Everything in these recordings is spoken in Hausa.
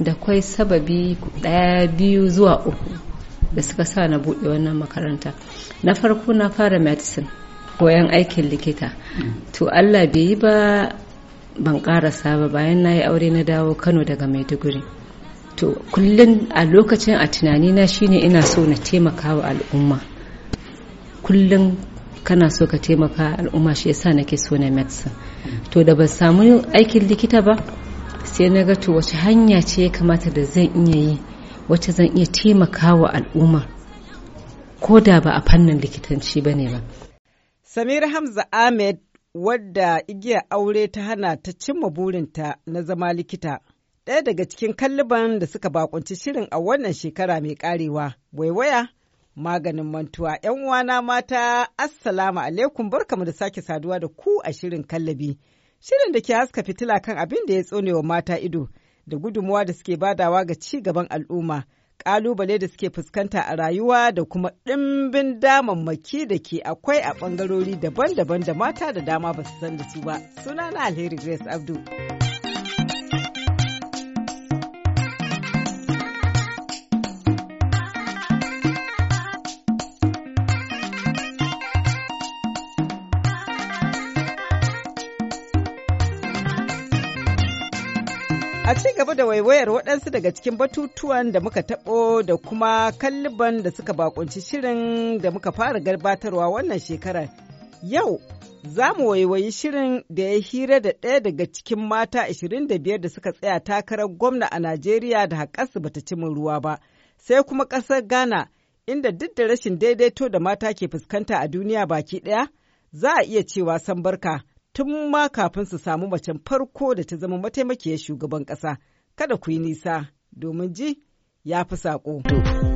da kwai sababi ɗaya biyu zuwa uku da suka sa na buɗe wannan makaranta na farko na fara medicine koyan aikin likita to allah bai yi ba ban ƙarasa ba bayan na yi aure na dawo kano daga maiduguri to kullum a lokacin a tunanina shine ina so na taimaka wa al'umma kullum kana so ka taimaka al'umma shi yasa nake so na medicine to da ban samu aikin likita ba sai na ga to wace hanya ce ya kamata da zan iya yi wacce zan iya taimaka wa al'umma ko da ba a fannin likitanci ba ne ba samir hamza ahmed wadda igiya aure ta hana ta cimma burinta na zama likita ɗaya daga cikin kalliban da suka bakunci shirin a wannan shekara mai karewa waiwaya maganin mantuwa yan uwana mata assalamu alaikum barkamu da sake saduwa da ku a shirin kallabi shirin da ke haska fitila kan abin da ya tsone wa mata ido da gudunmuwa da suke badawa ga ci gaban al'umma ƙalubale da suke fuskanta a rayuwa da kuma ɗimbin damammaki da ke akwai a ɓangarori daban-daban da mata da dama ba su san da su ba sunana alheri grace abdu. A ci gaba da waiwayar waɗansu daga cikin batutuwan da muka taɓo da kuma kalliban da suka bakunci shirin da muka fara gabatarwa wannan shekarar. Yau za mu waiwayi shirin da ya hira da ɗaya daga cikin mata 25 da suka tsaya takarar gwamna a Najeriya da haƙarsu bata ci min ruwa ba, sai kuma ƙasar Ghana inda duk da rashin daidaito da mata ke fuskanta a duniya baki ɗaya za a iya cewa san barka. tun ma kafin su samu macen farko da ta zama mataimakiyar shugaban ƙasa. Kada ku yi nisa domin ji ya fi saƙo.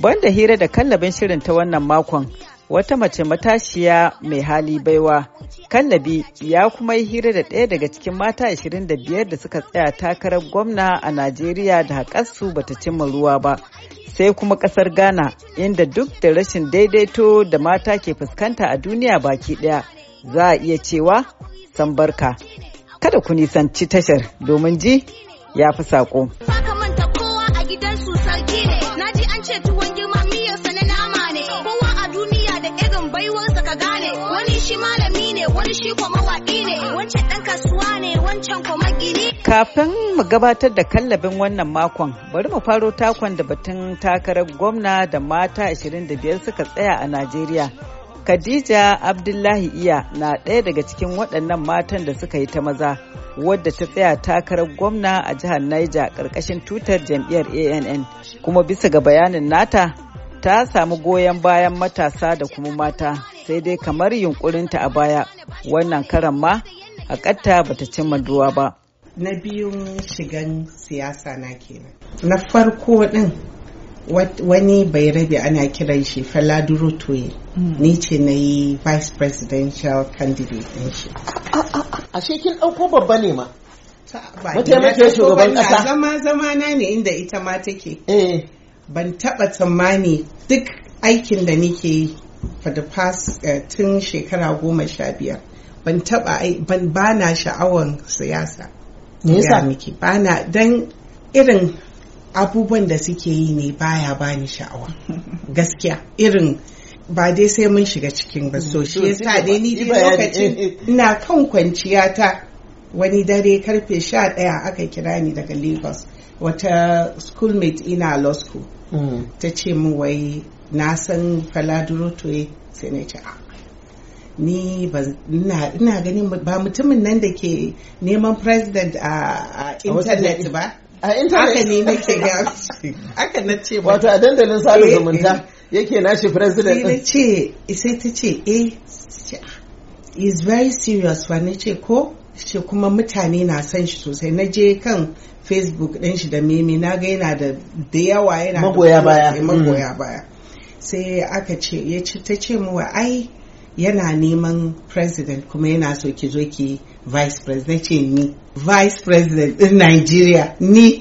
Banda hira da kallabin shirin ta wannan makon, wata mace matashiya mai hali baiwa. Kallabi ya kuma yi hira da ɗaya daga cikin mata 25 da suka tsaya takarar gwamna a Najeriya da haƙarsu ta cimma ruwa ba. Sai kuma ƙasar Ghana inda duk da rashin daidaito da mata ke fuskanta a duniya baki ɗaya za a iya cewa san barka. Kada ku nisanci tashar domin ji ya fi saƙo. Kafin mu gabatar da kallabin wannan makon, bari mu faro takon da batun takarar gwamna da mata 25 suka tsaya a Najeriya. Khadija Abdullahi Iya na ɗaya daga cikin waɗannan matan da suka yi ta maza, wadda ta tsaya takarar gwamna a jihar Niger ƙarƙashin tutar jam'iyyar ANN. Kuma bisa ga bayanin nata, ta samu goyon bayan matasa da kuma mata sai dai kamar yunƙurinta a baya wannan karan ma A ba bata cimma maduwa ba na biyun shigan siyasa na kenan na farko din wani bai rabe ana kiran shi faladuro toye hmm. ni ce na yi vice presidential candidate ɗin shi A ah, ah, ah. kin ɗauko babba ne ma mataimakiyar shugaban ƙasa zama zama na ne inda ita ma take eh. ban taɓa tsammani duk aikin da nike yi for the past eh, tun shekara goma sha biyar ban taba ban bana sha'awan siyasa me yasa miki bana dan irin abubuwan da suke yi ne baya bani sha'awa gaskiya irin ba dai sai mun shiga cikin ba so shi mm, yasa dai ni dai lokacin ina kan kwanciya ta wani dare karfe sha ɗaya aka kira ni daga lagos wata schoolmate ina law school mm. ta ce min wai na san faladuro toye eh? sai na ce a ah, ni ba ina ganin ba mutumin nan da ke neman president a internet ba a internet haka ne nake ga haka na ce wato a dandalin sada eh, zumunta eh. yake nashi president ne ce sai ta ce eh is very serious ba na ce ko shi kuma mutane na son shi sosai na je kan facebook din shi da meme na ga yana da da yawa yana magoya baya magoya mm. baya sai aka ce ya ce ta ce mu ai yana neman president kuma yana so ki zo ki vice president ce ni vice president din Nigeria ni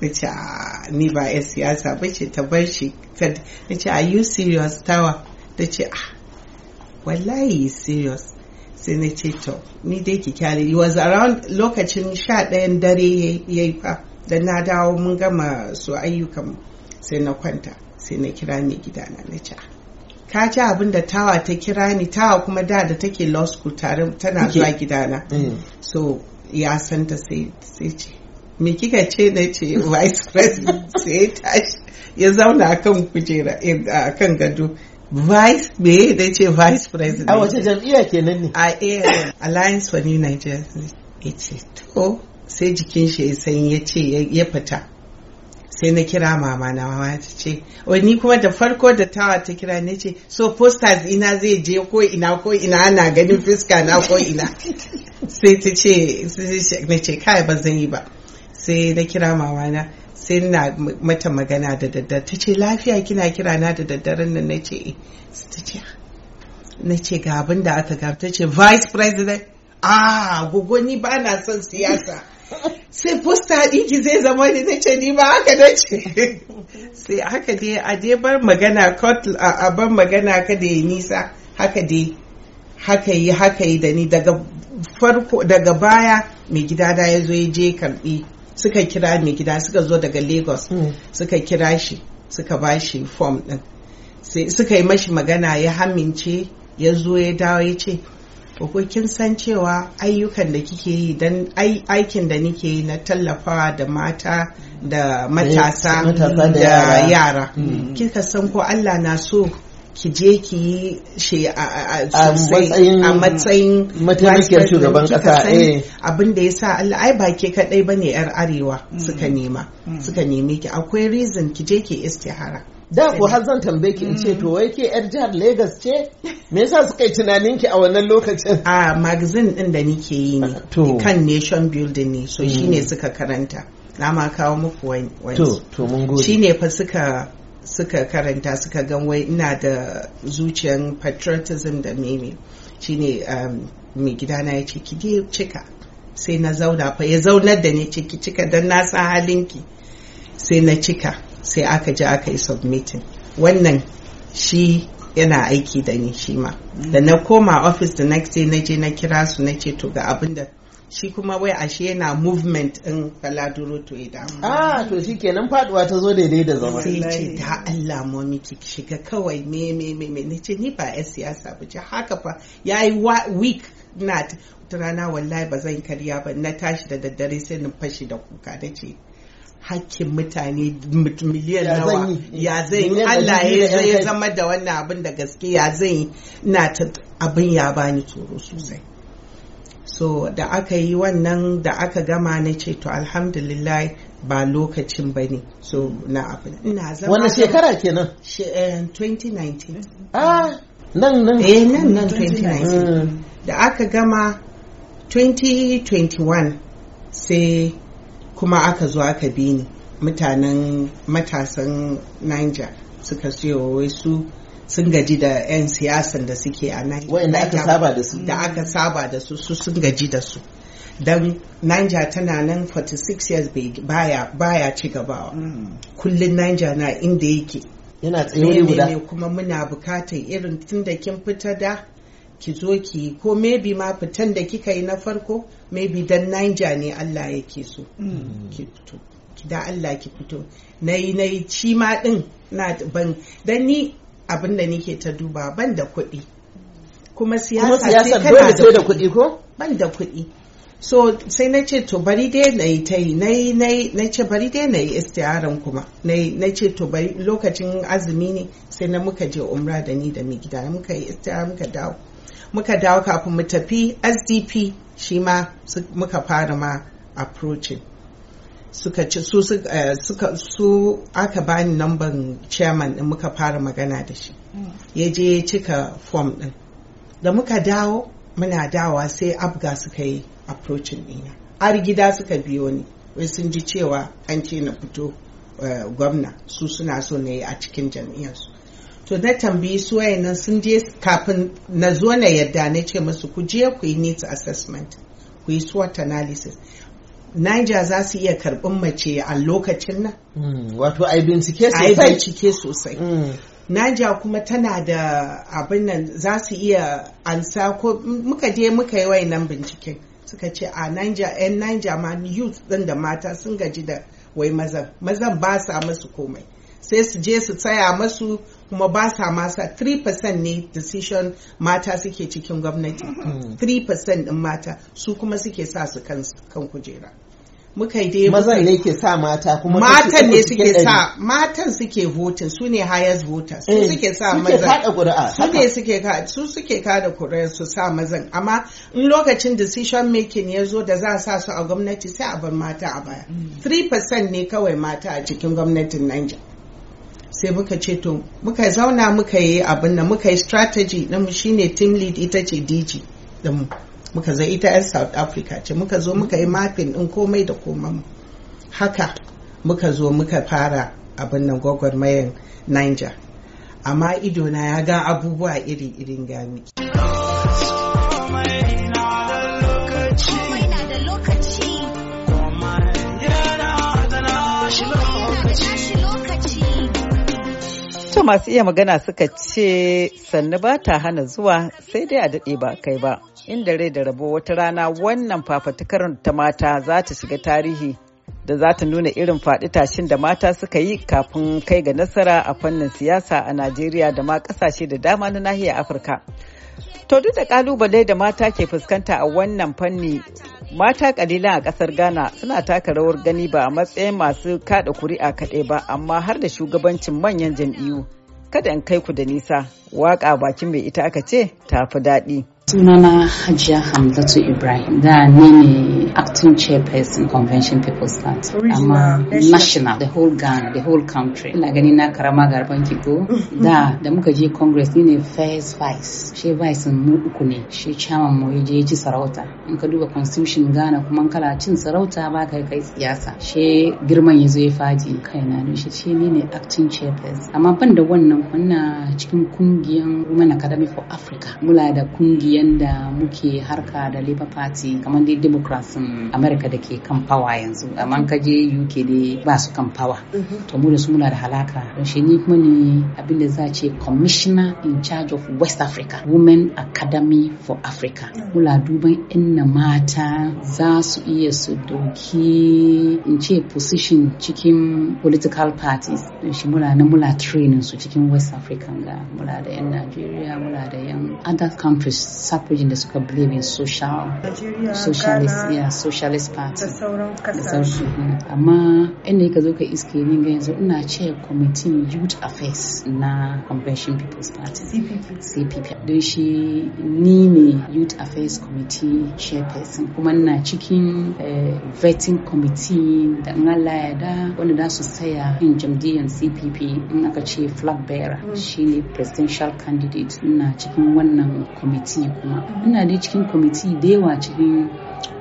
na ce ah, ni ba 'yan siyasa ba ce ta bar shi na ce are you serious tawa ta ce ah wallahi serious sai na ce to ni dai ki kyale he was around lokacin sha ɗayan dare ya yi fa da na dawo mun gama su ayyukan sai na kwanta sai na kira mai gidana na ce ah, ka ji abin da tawa ta kira ni tawa kuma da da take law school tare tana zuwa gidana mm. so ya san ta sai ce me kika ce na ce vice president sai ta ya zauna akan kujera eh, akan gado vice me da ce vice president a wace jam'iyya kenan ne a eh, Alliance for New Nigeria ya ce to sai jikin shi ya san ya ce ya fita sai na kira mama na mama ta ce wani kuma da farko da tawa ta kira ne ce so posters ina zai je ko ina ko ina ana ganin fuska na ko ina sai ta ce na ce kai ba zan yi ba sai na kira mama na sai na mata magana da daddare ta ce lafiya kina kira na da daddaren nan na ce eh. ta ce na ce ga abin da aka gabta ta ce vice president ah gogo ni ba na son siyasa sai fusta ɗiki zai zama ne na ce ni ba haka da ce sai haka dai a dai bar magana a bar magana ka da ya nisa haka dai haka yi haka yi da ni daga farko daga baya mai gida da ya zo ya je karbi suka kira mai gida suka zo daga lagos hmm. suka kira shi suka ba shi form din suka yi mashi magana ya hamince ya zo ya dawo ya ce ko kin san cewa ayyukan da kike yi dan aikin da nike yi na tallafawa da mata da matasa eh, da yara hmm. kika san ko Allah na so ki je ki yi shi a matsayin mataimakiyar shugaban kasa eh. abin da ya Allah ai ba ke kadai bane yar arewa hmm. suka nema hmm. suka neme ki akwai reason ki je ki istihara da ku har zan tambaye ki in ce mm. to wai ke yar jihar Legas ce me yasa suka yi tunanin ki a wannan lokacin a magazine din da nike yi ne kan nation building ne so shine mm. suka karanta na ma kawo muku wani to to mun gode shine fa suka suka karanta suka gan wai ina da zuciyar patriotism da meme shine um, mai gidana ya ce ki je cika sai na zauna fa ya zaunar da ni ciki cika Dan na sa halinki sai na cika sai aka je aka yi submitting wannan shi yana aiki da ni shi ma da na koma office the next day na je na kira su na ce to ga abin da shi kuma wai ashe yana movement in kaladuro to idan ah to shi kenan faduwa ta zo daidai da zama sai ce da Allah mami ki shiga kawai me me me me ce ni ba yan siyasa ba ce haka fa yayi week na rana wallahi ba zan karya ba na tashi da daddare sai na fashi da kuka ce hakkin mutane miliyan nawa ya zai Allah ya zama da wannan abin da gaske ya zai na abin ya bani tsoro sosai so da aka yi wannan da aka gama na ce to alhamdulillah ba lokacin ba ne so na abin ina zama wannan shekara nan? 2019 eh, ah nan nan eh nan nan 2019 da aka gama 2021 sai kuma aka zo aka bi ni mutanen matasan niger suka siyo wai su sun gaji da 'yan siyasan da suke a niger aka saba da su da aka saba da su su sun gaji da su don niger tana nan 46 years baya baya ci gabawa mm. kullum niger na inda yake yana tsaye guda kuma muna bukatar irin tun da kin fita da ki zo ki yi ko maybe ma fitan da kika yi na farko maybe dan Niger ne Allah yake so mm. ki fito da Allah ki fito na yi na yi ci ma din na ban dan ni abin da nike ta duba ban da kuɗi kuma siyasa sai kana da kuɗi ko ban da kuɗi so sai na ce to bari dai na yi ta yi na ce bari dai na yi istiyaran kuma na ce to bari lokacin azumi ne sai na muka je umra da ni da mai gida muka yi istiyara muka dawo muka dawo kafin mu tafi sdp shi ma muka fara ma approaching suka ci su eh, suka su aka bani namban chairman din muka fara magana da shi mm. ya je ya cika form din da muka dawo muna dawa sai abga suka yi approaching dina har gida suka biyo ni wai sun ji cewa an ce na fito eh, gwamna su suna so na yi a cikin jam'iyyarsu to na tambayi su nan sun je kafin na zo na yadda na ce musu ku je ku yi needs assessment ku yi SWOT analysis Niger za su iya karɓin mace a lokacin nan hmm, wato ai bincike sosai ai bincike sosai Niger kuma tana da abin nan za su iya ansa ko muka je muka yi wayannan binciken suka ce a Niger yan Niger ma youth din da mata sun gaji da wai mazan mazan ba sa musu komai sai su je su tsaya masu kuma ba sa masa 3% ne decision mata suke cikin gwamnati 3% mm-hmm. din mata su kuma suke sa su kan kujera muka yi dai mazan ne ke sa mata kuma matan ne suke sa matan suke voting su ne highest voters su eh, suke sa mazan su ne suke kada su suke kada kuri'ar su sa mazan amma in lokacin decision making ya zo da za a sa su a gwamnati sai a bar mata a baya 3% mm. ne kawai mata a cikin gwamnatin Niger sai muka ce to muka zauna muka yi abin nan muka yi strategy mu shine team lead ita ce DG din muka zai ita yan South Africa ce muka zo muka yi mapping din komai da komai haka muka zo muka fara abin nan mayan Niger amma idona ya ga abubuwa iri-irin gami. To masu iya magana suka ce sannu ba ta hana zuwa sai dai a daɗe ba kai ba. Inda rai da rabo wata rana wannan fafatukar ta mata za ta shiga tarihi da za ta nuna irin faɗi tashin da mata suka yi kafin kai ga nasara a fannin siyasa a Najeriya da ma ƙasashe da dama na nahiyar Afirka. To duk da kalubale da mata ke fuskanta a wannan fanni mata kalila a kasar Ghana suna taka rawar gani ba a matsayin masu kada kuri'a kaɗai ba amma har da shugabancin manyan jam'iyyu. Kada in kai ku da nisa, waka bakin mai ita aka ce tafi daɗi. sunana hajiya hamzatu ibrahim da ni ne acting chairperson convention people's land amma national the whole ghana the whole country ina gani na karama garban kiko da da muka je congress ni ne first vice she vice mu uku ne she chairman mu ya je ci sarauta in ka duba constitution ghana kuma kala cin sarauta ba kai kai siyasa she girman yazo ya faji na ne she ce ni ne acting chairperson amma ban da wannan wannan cikin kungiyan women academy for africa mula da kungiya yanda muke harka da labour party kamar dai democrats america da ke kan power yanzu amma ka je uk dai ba su kan power mhm. to mu da su muna da halaka don shi ni kuma ne abin da za ce commissioner in charge of west africa women academy for africa mula duban inna mata za su iya su dauki in ce position cikin political parties don shi mula na mula training su cikin west africa ga mula da yan nigeria mula da yan other countries suffragin da suka in social socialist yeah, socialist party da sauran kasashe amma inda ka zo ka iske ni ga yanzu ina ce committee youth affairs na convention people's party cpp don shi ni ne youth affairs committee chairperson kuma na cikin eh, vetting committee da na Allah da wanda da su saya in jam'iyyar cpp in aka ce flag bearer mm. ne presidential candidate na cikin wannan committee kuma ina dai cikin kwamiti da yawa cikin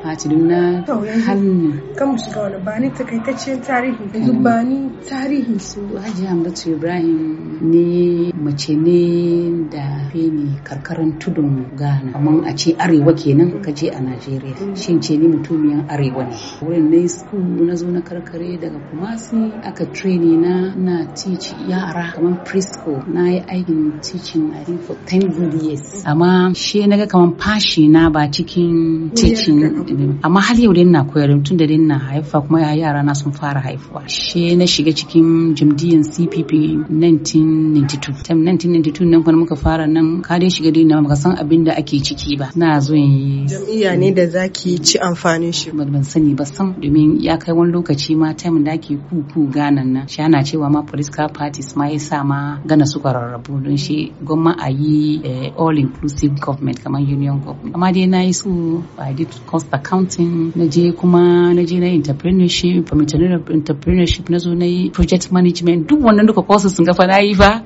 Fatimna hannu. Kan musu ga wani bani takaitaccen tarihi. Yanzu bani tarihi. Su Haji Hamdatu Ibrahim ne mace ne da ne karkarar tudun Ghana. Amma a ce arewa kenan ka je a Najeriya. Shin ce ni mutumiyan arewa ne. Wurin na yi school na zo na karkare daga Kumasi aka traini na na teach yara kamar Prisco Na yi aikin teaching I think for 10 years. Amma na ga kamar fashi na ba cikin teaching wannan ɗin amma har yau dai na koyar tun da dai na haifa kuma yara na sun fara haifuwa she na shiga cikin jamdiyan CPP 1992 tam 1992 nan kuma muka fara nan ka dai shiga dai na muka san abin da ake ciki ba na zo yi jami'a ne da zaki ci amfanin shi ban sani ba sam domin ya kai wani lokaci ma time da ake kuku ganan nan shi ana cewa ma political parties ma ya sa ma gana suka rarrabu don shi gwamma a yi eh, all inclusive government kamar union government amma dai na yi su ba cost accounting na je kuma na je na entrepreneurship permitted entrepreneurship na zo na yi project management duk wannan duka courses sun gafa na yi fa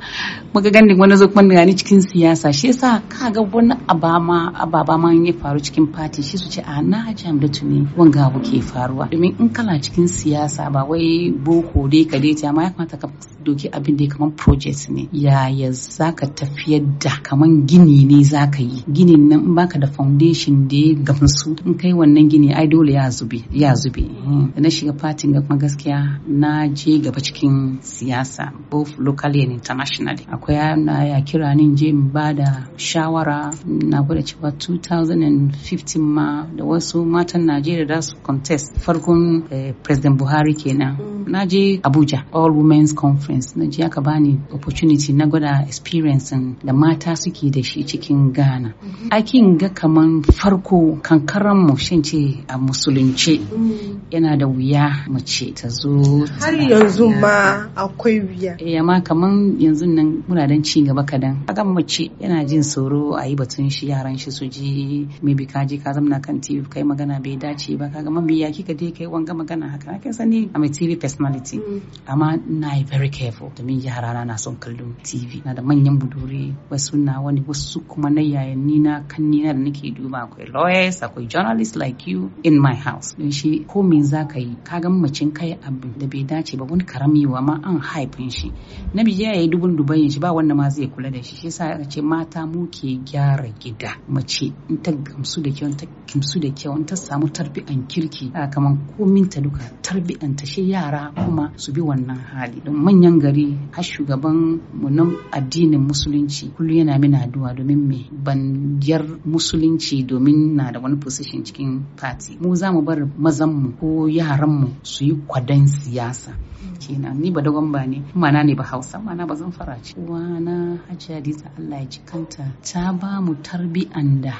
muka gani wani zo kuma ni cikin siyasa shi yasa ka ga wani abama ababa ma ya faru cikin party shi su ce a ah, na jam da tuni wanga ga ke faruwa domin in kala cikin siyasa ba wai boko dai ka dai amma ya kamata ka doki abin da kaman project ne yaya ka tafiyar da kaman gini ne za ka yi ginin nan b'a baka da foundation da ya gamsu in kai wannan gini ai dole ya zube ya zube mm. da na shiga fatin ga kuma gaskiya na je gaba cikin siyasa both locally and internationally akwai yana ya kira ni je in ba da shawara na gwada cewa 2015 ma da wasu matan Najeriya da su contest farkon eh, president Buhari kenan mm. na je Abuja all women's conference experience na ji aka bani opportunity na gwada experience da mata suke da shi cikin Ghana. Mhm. Akin ga kaman farko kankaran mu shin ce a musulunci. Mm. yana da wuya mace ta zo har yanzu ma akwai wuya. Eh amma kaman yanzu nan muna dan ci gaba kadan. Kaga mace yana jin tsoro a yi batun shi yaran shi su ji maybe ka je ka zamna kan TV kai magana bai dace ba kaga mabiya kika dai kai wanga magana haka. Kin sani a a TV personality mm. amma na very haifo domin yara na son kallon tv na da manyan budure wasu na wani wasu kuma na yayan nina kan nina da nake duba akwai lawyers akwai journalists like you in my house don shi ko me za ka yi ka ga mamacin kai abu? da bai dace ba wani wa ma an haifin shi na biya ya yi dubun dubayin shi ba wanda ma zai kula da shi shi yasa aka ce mata mu ke gyara gida mace in ta gamsu da kyau ta kimsu da kyau in ta samu tarbiyan kirki kaman komin ta duka tarbiyan ta shi yara kuma su bi wannan hali don manyan manyan gari har shugaban mu na addinin musulunci kullum yana min addu'a domin me ban yar musulunci domin na da wani position cikin party mu za mu bar mazan mu ko yaran mu su yi kwadan siyasa kenan ni ba dogon ba ne mana ne ba hausa mana ba zan fara ce wana hajji Hadiza. allah ya ji kanta ta ba mu tarbiyan da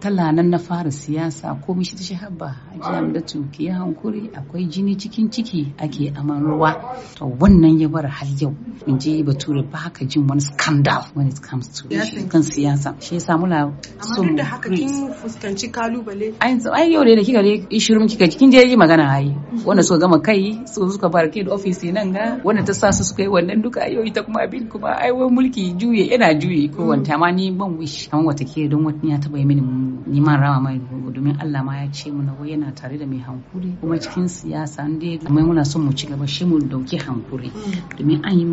talanan na fara siyasa ko shi ta shahaba hajiya da tuki ya hankuri akwai jini cikin ciki ake aman ruwa to wannan ya bar har yau in je bature ba ka jin wani scandal when it comes to kan siyasa shi yasa muna so amma da haka kin fuskanci kalubale ai yau da kika shirin kika kin je yi magana ai mm. wanda suka gama kai su suka fara kai ofisi nan ga wanda ta sa su suka yi wannan duka ayo ita kuma abin kuma ai wai mulki juye yana juye ko wanta mm. ma ni ban wish kamar wata ke don wani ya taba yi mini ni ma rama mai domin Allah ma ya ce muna wai yana tare da mai hankuri kuma cikin siyasa ne amma muna son mu ci gaba shi mu dauki hankuri mm. domin an yi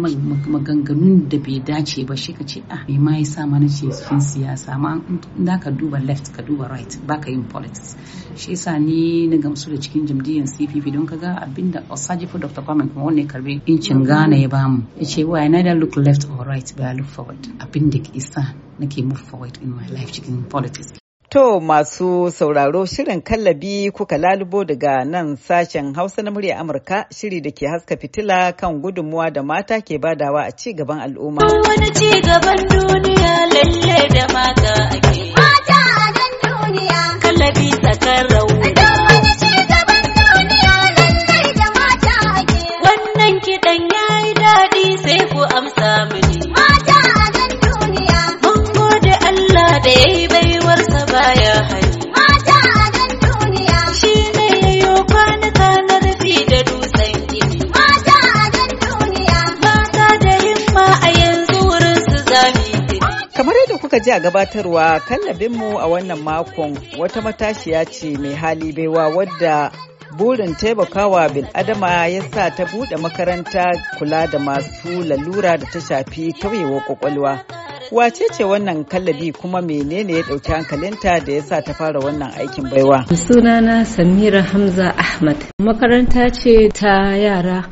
maganganun da bai dace ba shi ka ce ah mai ma yasa ma ce cikin siyasa ma in ka duba left ka duba right baka yin politics shi yasa ni na gamsu da cikin jam'iyyar CPP don kaga abinda Osajifu Dr. Kwame kuma wanda ya karbi incin Ghana ya bamu ya ce why neither look left or right but I look forward abin da ke isa nake move forward in my life cikin politics To masu sauraro shirin kallabi kuka lalubo daga nan sashen Hausa na murya Amurka shiri da ke haska fitila kan gudunmuwa da mata ke badawa a cigaban al'umma. Wani ci gaban duniya lalle da mata ake. Mata a nan duniya. Kallabi rauni. zamani. Mata a nan duniya. Mun gode Allah da ya yi baiwarsa baya hani. Mata a nan duniya. Shi ne ya yo kwanuka na rufi da dutsen gini. Mata a nan duniya. Mata da himma a yanzu wurin su zami. Kamar yadda kuka ji a gabatarwa kallabinmu a wannan makon wata matashiya ce mai hali baiwa wadda burin taimakawa bil'adama ya sa ta buɗe makaranta kula da masu lalura da ta shafi tauyewar kwakwalwa. Wace ce wannan kallabi kuma menene ya ɗauki hankalinta da ya sa ta fara wannan aikin baiwa? Sunana Samira Hamza Ahmad. Makaranta ce ta yara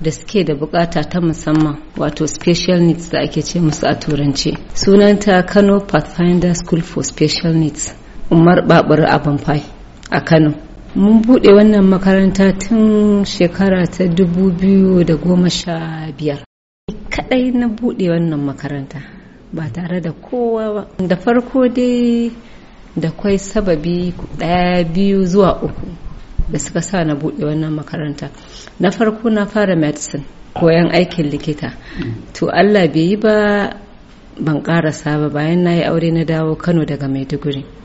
da suke da bukata ta musamman wato special needs da ake ce musu a turanci. Sunanta Kano Pathfinder School for Special Needs. Umar Babur Abamfai a Kano. mun bude wannan makaranta tun shekara ta goma 2015 kadai na bude wannan makaranta ba tare da kowa ba da farko dai da kwai sababi daya biyu zuwa uku da suka sa na bude wannan makaranta na farko na fara medicine koyan aikin likita to allah bai yi ba ban karasa ba bayan na yi aure na dawo kano daga maiduguri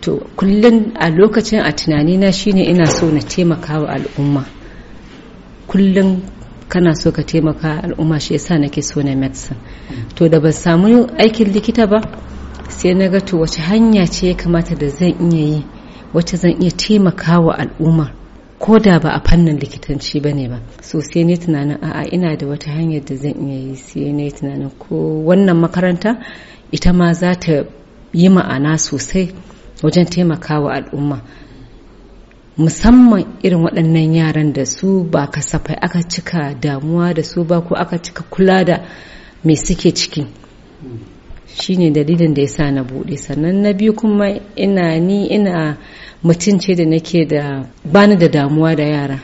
to kullum a lokacin a tunanina shine ina so na taimaka wa al'umma kullum kana so ka taimaka al'umma shi yasa nake so na medicine to da ban samu aikin likita ba sai na ga to wace hanya ce ya kamata da zan iya yi wacce zan iya taimaka wa al'umma ko da ba a fannin likitanci ba ne ba so sai ne tunanin a'a ina da wata hanyar da zan iya yi sai ne tunanin ko wannan makaranta ita ma za ta yi ma'ana sosai wajen taimakawa al'umma musamman irin waɗannan yaran da su ba kasafai aka cika damuwa da su ba ko aka cika kula da me suke ciki shine dalilin da ya sa na buɗe sannan na biyu kuma ina ni ina mutum ce da nake da bani da damuwa da yara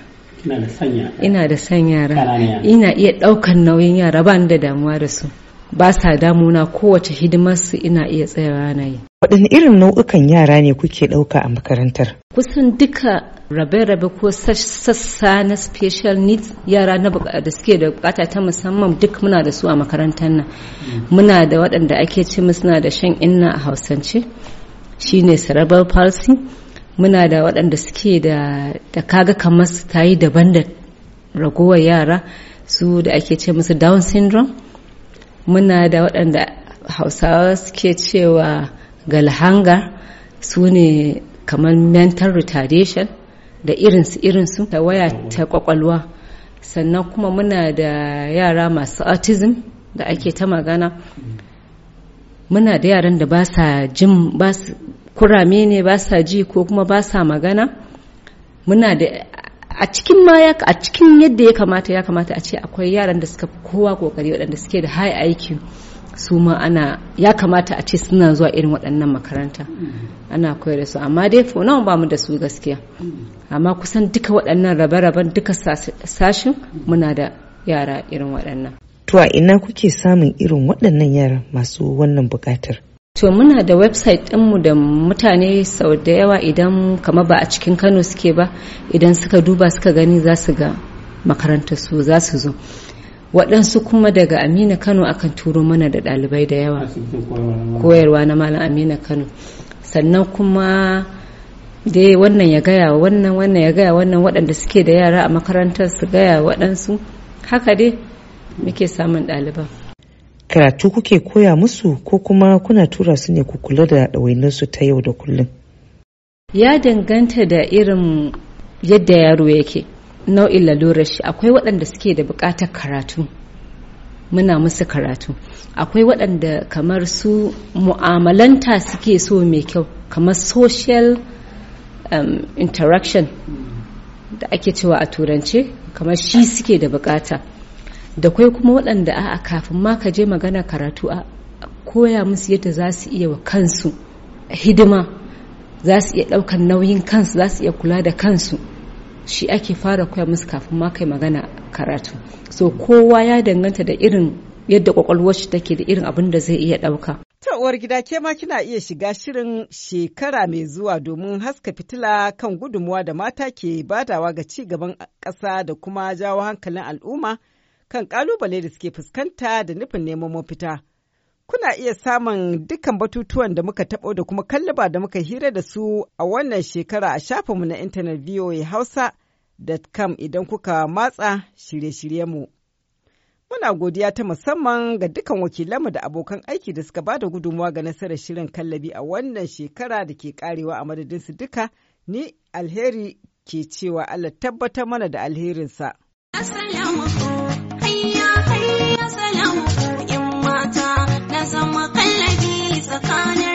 ina da san yara ina iya ɗaukan nauyin yara bani da damuwa da su ba sa damuna kowace hidimar su ina iya tsayawa na yi. Waɗanne irin nau'ukan yara ne kuke ɗauka a makarantar? Kusan duka rabe-rabe ko sassa na special needs yara na da suke da bukata ta musamman duk muna da su a makarantar nan. Mm. Muna da waɗanda ake ce na da shan inna a hausance shine cerebral palsy. Muna da waɗanda suke da kaga kamar su tayi daban da ragowar yara su da ake ce musu down syndrome. muna da waɗanda hausawa suke cewa galhanga su ne kamar mental retardation da irinsu irinsu ta waya ta kwakwalwa sannan kuma muna da yara masu autism da ake ta magana muna da yaran da ba sa jin ba kurame ne ba sa ji ko kuma ba sa magana muna da a cikin ma ya a cikin yadda ya kamata ya kamata a ce akwai yaran da suka kowa kokari waɗanda suke da high aiki su ma ana ya kamata a ce suna zuwa irin waɗannan makaranta mm. ana koyar da su amma dai nawa ba mu da su gaskiya mm. amma kusan duka waɗannan rabe-raben duka sashin mm. muna da yara irin waɗannan to a ina kuke samun irin waɗannan yara masu wannan buƙatar To muna da website ɗinmu da mutane sau da yawa idan kama ba a cikin Kano suke ba idan suka duba suka gani za su ga makarantar su za su zo. Waɗansu kuma daga Amina Kano akan turo mana da ɗalibai da yawa koyarwa na Malam Amina Kano. Sannan kuma dai wannan ya gaya wannan wannan ya gaya wannan waɗanda suke da yara a makarantar su gaya waɗansu haka dai muke samun ɗaliban. karatu kuke koya musu ko kuma kuna tura su ne ku kula da ɗawainarsu ta yau da kullum ya danganta da irin yadda yaro yake nau'in lalurar shi akwai waɗanda suke da buƙatar karatu muna musu karatu akwai waɗanda kamar su mu'amalanta suke so mai kyau kamar social um, interaction da ake cewa a turance kamar shi suke da buƙata da kwai kuma waɗanda a kafin ma ka je magana karatu a koya musu yadda za su iya wa kansu hidima za su iya ɗaukar nauyin kansu za su iya kula da kansu shi ake fara koya musu kafin ma kai magana karatu so kowa ya danganta da irin yadda kwakwalwar shi take da irin abin da zai iya ɗauka ta uwar gida ke ma kina iya shiga shirin shekara mai zuwa domin haska fitila kan gudunmuwa da mata ke badawa ga ci gaban ƙasa da kuma jawo hankalin al'umma kan kalubale da suke fuskanta da nufin neman mafita. Kuna iya samun dukkan batutuwan da muka taɓo da kuma kallaba da muka hira da su a wannan shekara a shafinmu na intanet Hausa.com idan kuka matsa shirye-shiryenmu. Muna godiya ta musamman ga dukkan wakilanmu da abokan aiki da suka ba da gudunmawa ga nasarar shirin kallabi a wannan shekara da ke karewa a madadin su duka ni alheri ke cewa Allah tabbatar mana da alherinsa. Assalamu tsakanin